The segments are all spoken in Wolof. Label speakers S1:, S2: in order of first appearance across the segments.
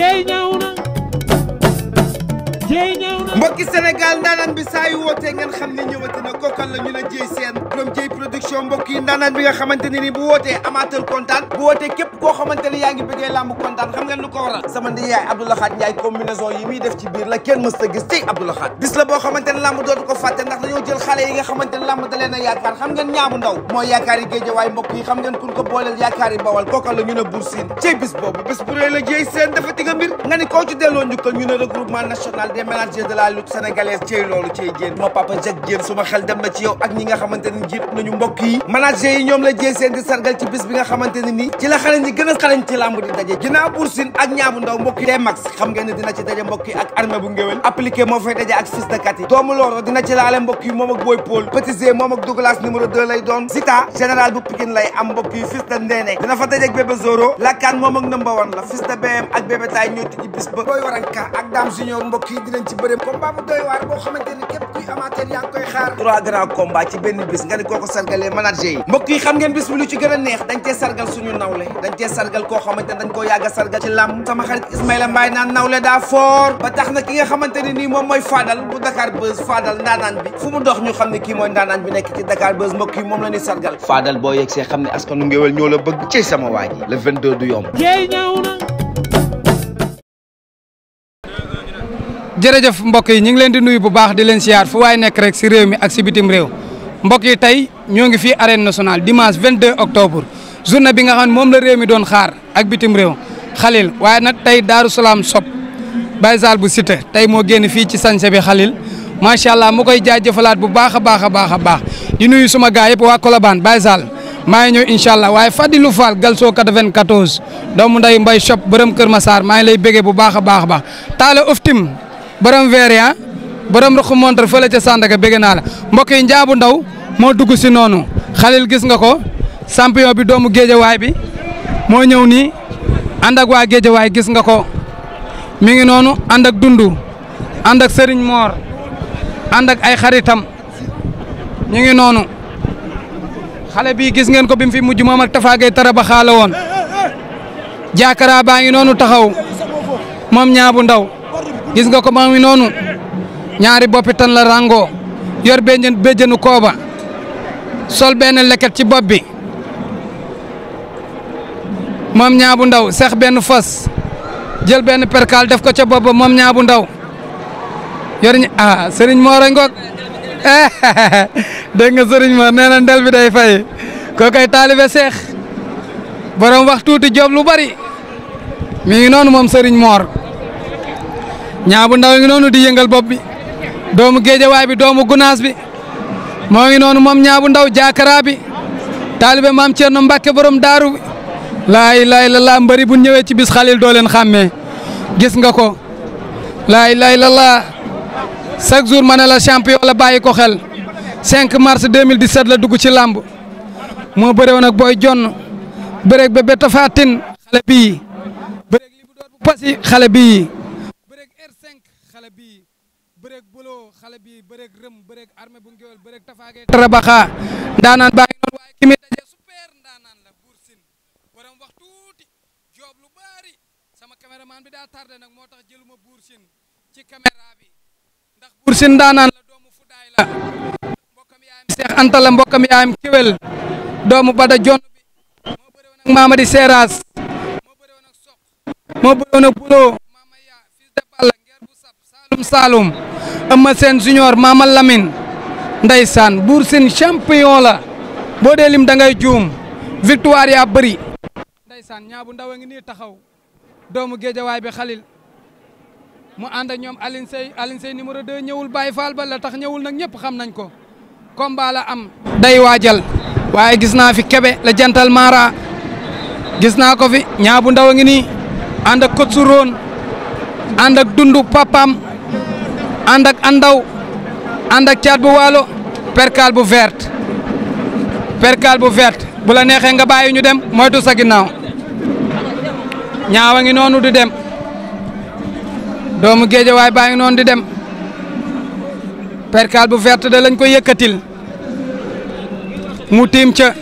S1: jey ña mbokki la ñu la jëy seen borom jëy production mbokk ndaanaan bi nga xamante ne bu wootee amateur kontaan bu wootee képp koo xamante yaa ngi bëggee làmb kontaan xam ngeen lu ko waral sama ndi yaay Abdou Lakhat Ndiaye yi muy def ci biir la kenn mës gis tey Abdou bis la boo xamante làmb dootu ko fàtte ndax dañoo jël xale yi nga xamante làmb da yaakaar xam ngeen ñaabu ndaw mooy yaakaar yi géejawaay mbokk xam ngeen sénégalaise ciy loolu ciy jéen ma papa Jacques Diène suma xel dem na ci yow ak ñi nga xamante ni jiit nañu mbokk manager yi ñoom la jéen seen di sargal ci bis bi nga xamante ne nii ci la xale ñi gën a xarañ ci làmb di daje ginnaaw Bour ak ñaabu ndaw mbokk yi xam ngeen dina ci daje mbokk ak armée bu ngéwél appliqué moo fay daje ak fils de doomu looro dina ci laale mbokk moom ak Boy Paul Petit moom ak Douglas numéro 2 lay doon Zita combat bu doy waar boo xamante ni képp kuy amateur yaa ngi koy xaar trois grands combats ci benn bis nga ni koo ko sargalee manager yi mbokk yi xam ngeen bis bi lu ci gën a neex dañ cee sargal suñu nawle dañ cee sargal koo xamante ne dañ koo yàgg a sargal ci làmb sama xarit Ismaïla Mbaye naan nawle daa fort ba tax na ki nga xamante ne nii moom mooy Fadal bu Dakar Buzz Fadal ndaanaan bi fu mu dox ñu xam ne kii mooy ndaanaan bi nekk ci Dakar Buzz mbokk yi moom la ñuy sargal Fadal boo yegsee xam ne askanu ngéwél ñoo la bëgg ci sama waa ji le 22 du yomb
S2: jërëjëf mbokk yi ñu ngi leen di nuyu bu baax di leen siyaar fu waay nekk rek si réew mi ak si bitim réew mbokk yi tey ñoo ngi fii arène nationale dimanche 22 octobre journée bi nga xam ne moom la réew mi doon xaar ak bitim réew xalil waaye nag tey Daaru Salaam sob Baye Sall bu Siteu tey moo génn fii ci sañse bi xalil macha allah mu koy jaajëfalaat bu baax a baax a baax a baax di nuyu suma gaa yëpp waa Colobane Baye Sall maa ngi ñëw incha allah waaye Fadilou Fall Galso 94 doomu nday mbay shop borom Kër Massar maa ngi lay béggee bu baax a baax a baax taale oftim borom veria borom roq montre fële ca Sandaga bëgg naa la mbokk yi njaabu ndaw moo dugg si noonu xalil gis nga ko champion bi doomu géejawaay bi moo ñëw nii ànd ak waa géejawaay gis nga ko mi ngi noonu ànd ak dundu ànd ak Serigne Mor ànd ak ay xaritam ñu ngi noonu xale bi gis ngeen ko bi mujj moom ak Tafa Gueye Taraba xaala woon jaakaraa baa ngi noonu taxaw moom ñaabu ndaw. gis nga ko maam ngi noonu ñaari boppi tan la rango yor béjjën béjjënu kooba sol benn leket ci bopp bi moom ñaabu ndaw seex benn fas jël benn perkaal def ko ca bopp ba moom ñaabu ndaw yor ñi ah Serigne Mor a ngoog dégg nga Serigne Mor nee na ndel bi day fay koo koy taalibe seex borom wax tuuti job lu bari mi ngi noonu moom Serigne Mor. ñaa bu ndaw ngi noonu di yëngal bopp bi doomu géejawaay bi doomu gunaas bi moo ngi noonu moom ñaa bu ndaw jaakara bi taalibe maam Thierno Mbacke borom daaru bi laa ilaaha illallaah mbëri bu ñëwee ci bis xalil doo leen xàmmee gis nga ko laa ilaaha illallaah chaque jour ma ne la champion la bàyyi ko xel 5 mars 2017 la dugg ci làmb moo bëre woon ak booy jonn bëreeg bébé Tafatine xale bii bëreeg li bu doon bu pasi xale bii. xale bi bëreeg rëm bëreeg armée bu ngéwél bëreeg tafaagee tarabaxaa ndaanaan baa ngi noonu waaye ki muy dajee super ndaanaan la buur sin waram wax tuuti joob lu bari sama caméraman bi daa tardé nag moo tax jëluma buur sin ci caméra bi ndax buur sin ndaanaan la doomu fudaay la mbokkam yaayam seex anta la mbokkam yaayam kéwél doomu bada jon bi moo bëre woon ak mamadi seeraas moo bëre woon ak soq moo bëre woon ak buloo mamaya fils de balla ngeer bu sab saalum saalum Eumeu Sène maa Mama Lamine ndeysaan buur seen champion la boo dee lim da ngay juum victoire yaa bëri ndeysaan ñaa bu ndaw a ngi nii taxaw doomu géejawaay bi xalil mu ànd ñoom Alioune Seye Alioune Seye numéro 2 ñëwul Baye Fall ba la tax ñëwul na ñëpp xam nañ ko combat la am day waajal waaye gis naa fi kebe la jantal maara gis naa ko fi ñaa bu ndaw a ngi nii ànd ak kot su papam ànd ak andaw ànd ak caat bu waalo perkal bu verte perkal bu verte bu la neexee nga bàyyi ñu dem moytu sa ginnaaw ñaawa ngi noonu di dem doomu géejawaay baa ngi noonu di dem perkal bu verte da lañ ko yëkkatil mu tiim ca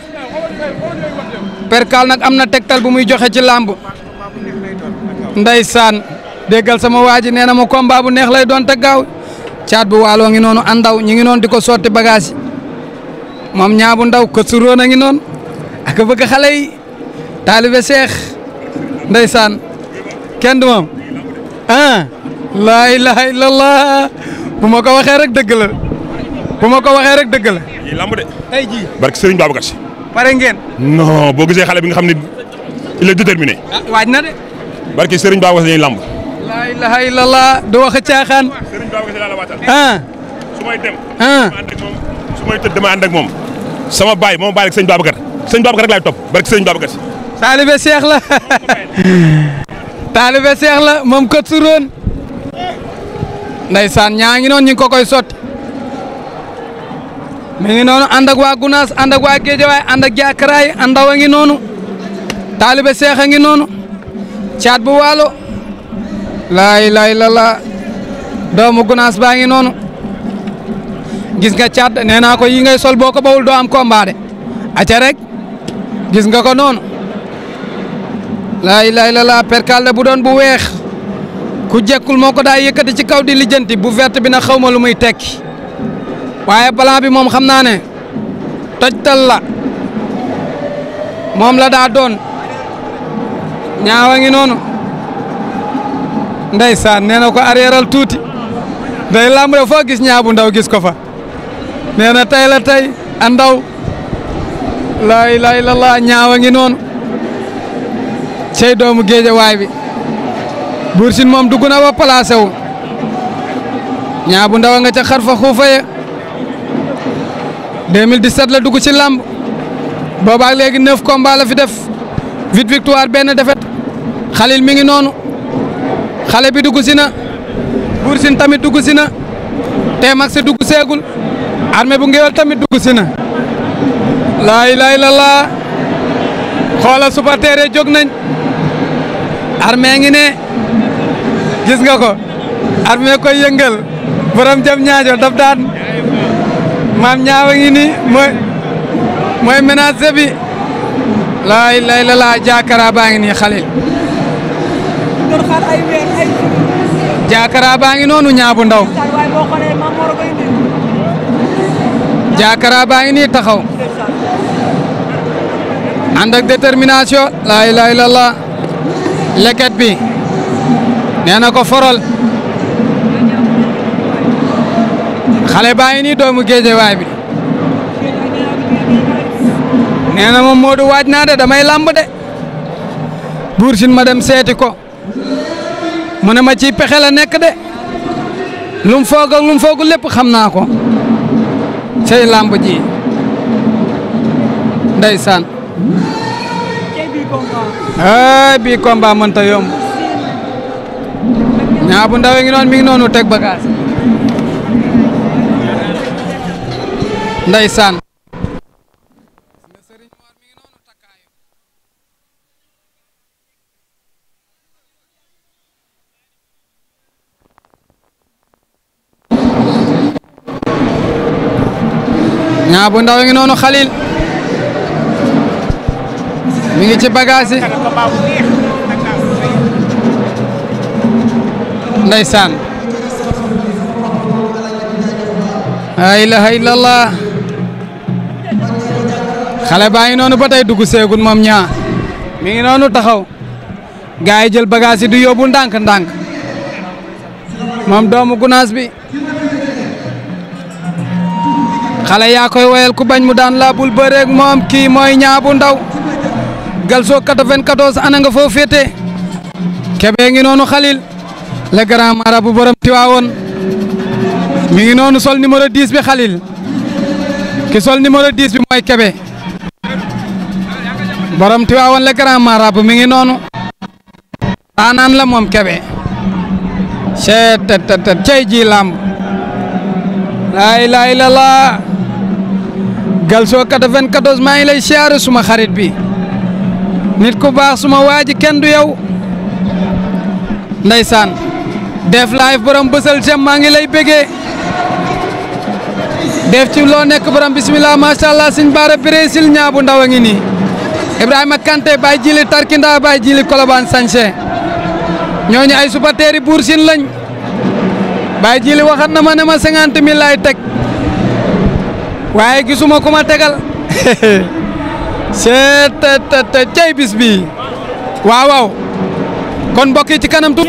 S2: perkal nag am na tegtal bu muy joxe ci làmb ndeysaan déggal sama waa ji nee na ma combat bu neex lay doon te gaaw caat bu waaloo ngi noonu andaw ñi ngi noonu di ko sotti bagage moom ñaabu ndaw ko suróon a ngi noonu bëgg xale yi taalibe seex ndeysaan kenn du moom ah laa ilaha illallah bu ma ko waxee rek dëgg
S1: bu ma ko waxee rek dëgg la. yii lamb de. tey jii barke Serigne ngeen. non boo gisee xale bi nga xam ne il est déterminé. ah waaj na de. barke Serigne lamb. laa ilaha illallah la waatal. su may dem. su may tëdd sama baay moom baay ak sëñ Babacar sëñ Babacar rek laay topp barke sëñ Babacar taalibe Cheikh la taalibe Cheikh la
S2: moom ñaa ngi noonu ñu kokoy ko mi ngi noonu ànd ak Gunaas ànd ak waa Géejawaay ànd ak jaakaraay ngi noonu taalibe Cheikh ngi noonu caat bu waalo laa ilaaha illallaah doomu gunaas baa ngi noonu gis nga caat nee naa ko yi ngay sol boo ko bawul doo am combat de aca rek gis nga ko noonu laa ilaaha illallaah perkal bu doon bu weex ku jekkul moo ko daa yëkkati ci kaw di lijjanti bu vert bi na xaw ma lu muy tekki waaye blanc bi moom xam naa ne tojtal la moom la daa doon ñaawa ngi noonu ndeysaan nee na ko arriéral tuuti day lamb foo gis ñaabu ndaw gis ko fa nee na tey la tey a ndaw laa ilaaha illallaah ñaawa ngi noonu cey doomu géeje waay bi Bour moom dugg na ba placé wu ñaabu ndaw a nga ca xar fa xuufa ya la dugg ci lamb boobaak léegi neuf combats la fi def huit victoire benn défaite xalil mi ngi noonu xale bi dugg si na Bour Sine tamit dugg si na Tmax dugg seegul armée bu ngéwél tamit dugg si na laay laay la laa xoola supporter yi jóg nañ armée ngi ne gis nga ko armée koy yëngal borom jam ñaajo daf daan maam ñaawa ngi ni mooy mooy menace bi laay laay la laa jaakara baa ngi nii xalil doon baa ngi noonu Niang bu Ndaw. jaakara baa ngi nii taxaw. ànd ak détermination. laa ilaaha illallaah. leket bi. nee na ko forol. xale baa ngi nii doomu géejewaay bi. nee na moom Modou waaj naa de damay lamb de. buur sin ma dem seeti ko. mu ne ma ci pexe la nekk de lum foog lum foogul lépp xam naa ko sey làmb ji ndeysaan ay bii combat mënta yomb ñaa bu ndaw ngi noonu mi ngi noonu teg bagage ñaa bu ndaw ngi noonu xalil mi ngi ci bagage
S1: yi
S2: ndeysaan la ilaha illallah xale baa ngi noonu ba tey dugg seegun moom ñaa mi ngi noonu taxaw gaa yi jël bagage yi du yóbbu ndànk-ndànk moom doomu gunaas bi xale yaa ko woyal ku bañ mu daan laa bul moom kii mooy ñaa bu ndaw Galzo 94 ana nga foo féete kebe ngi noonu xalil le grand marabout borom Tiwaawoon mi ngi noonu sol numéro 10 bi xalil ki sol numéro 10 bi mooy kebe borom Tiwaawoon le grand marabout mi ngi noonu daanaan la moom kebe ceet ji làmb laa ilaaha illallaah Galso 94 maa ngi lay siyaare suma xarit bi nit ku baax suma waa ji kenn du yow ndeysaan def live borom bësal jëm maa ngi lay béggee def ci loo nekk borom bismillah macha allah suñ baara brésil bu ndaw a ngi nii Ibrahima Kanté bay jili Tarkinda bay jili Kolobaan Sañse ñooñu ay supporters yi buur siin lañ bay jili waxat na ma ne ma cinquante mille laay teg waaye gisuma ku ma tegal seet cey bis bi waaw waaw kon mbokk ci kanam tu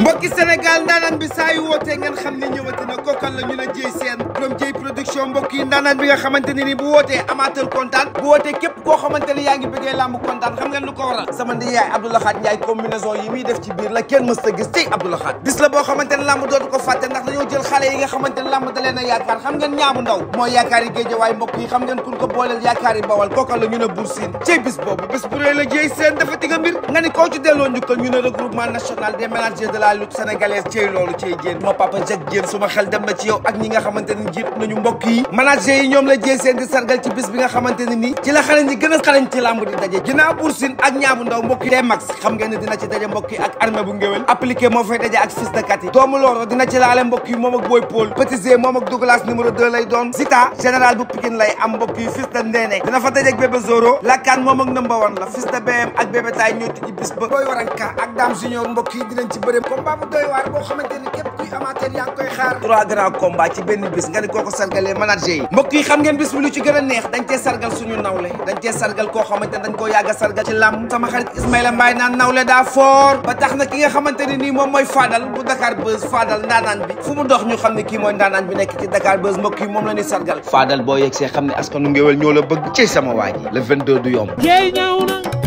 S1: mbokki Sénégal ndaanaan bi saa yu wootee ngeen xam ne ñëwati na kookal la ñu ne Dieye Sène borom Dieye production mbokk ndaanaan bi nga xamante ne ni bu wootee amateur kontaan bu wootee képp koo xamante yaa ngi bëggee làmb kontaan xam ngeen lu ko waral sama ndi yaay Abdou Lahad Ndiaye combinaison yi muy def ci biir la kenn mës gis ci Abdou Lahad bis la boo xamante ne làmb dootu ko fàtte ndax dañoo jël xale yi nga xamante ne làmb da a yaakaar xam ngeen ñaamu ndaw des managers de la lutte loolu ciy jéen ma papa Jacques Diène suma xel dem na ci yow ak ñi nga xamante ni nañu mbokk yi yi ñoom la jéen di sargal ci bis bi nga xamante nii ci la xarañ ñi gën a xarañ ci làmb di daje ginnaaw Bour Sine ak ñaabu ndaw mbokk yi max xam ngeen ne ci daje mbokk yi ak armée bu ngéwél appliqué moo fay daje ak fils de doomu looro dina ci laale mbokk moom ak boy Paul Petit moom ak Douglas numéro 2 lay doon dinañ ci bëre combat bu doy waar boo xamante ni képp kuy amateur yaa ngi koy xaar trois grands combats ci benn bis nga ne koo ko sargalee manager yi mbokk yi xam ngeen bis bi lu ci gën a neex dañ cee sargal suñu nawle dañ cee sargal koo xamante ne dañ koo yàgg a sargal ci làmb sama xarit Ismaïla Mbaye naan nawle daa fort ba tax na ki nga xamante ne nii moom mooy Fadal bu Dakar Buzz Fadal ndaanaan bi fu mu dox ñu xam ne kii mooy ndaanaan bi nekk ci Dakar Buzz mbokk yi moom la ñuy sargal Fadal boo yegsee xam ne askanu ngéwél ñoo la bëgg ci sama waa ji le 22 du
S2: yomb